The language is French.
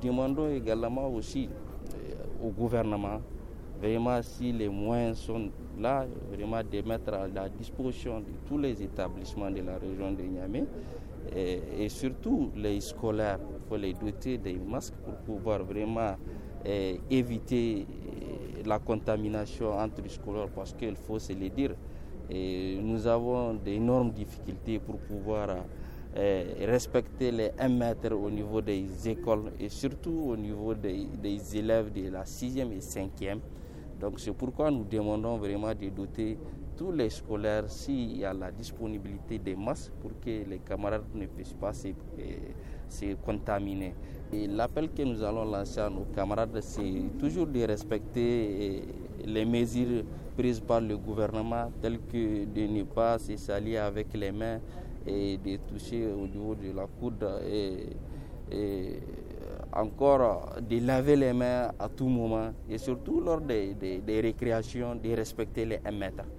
demandons également aussi euh, au gouvernement vraiment si les moyens sont là, vraiment de mettre à la disposition de tous les établissements de la région de Niamey et, surtout les scolaires, il faut les doter des masques pour pouvoir vraiment euh, éviter euh, la contamination entre les scolaires parce qu'il faut se le dire. Et nous avons d'énormes difficultés pour pouvoir respecter les 1 mètre au niveau des écoles et surtout au niveau des, élèves de la 6e et 5e. Donc c'est pourquoi nous demandons vraiment de doter tous les scolaires s'il y a la disponibilité des masques pour que les camarades ne puissent pas eh, se, contaminer. Et l'appel que nous allons lancer à nos camarades, c'est toujours de respecter eh, les mesures prises par le gouvernement, telles que de ne pas se salir avec les mains, et de toucher au niveau de la coude et, encore de laver les mains à tout moment et surtout lors des, récréations de respecter les 1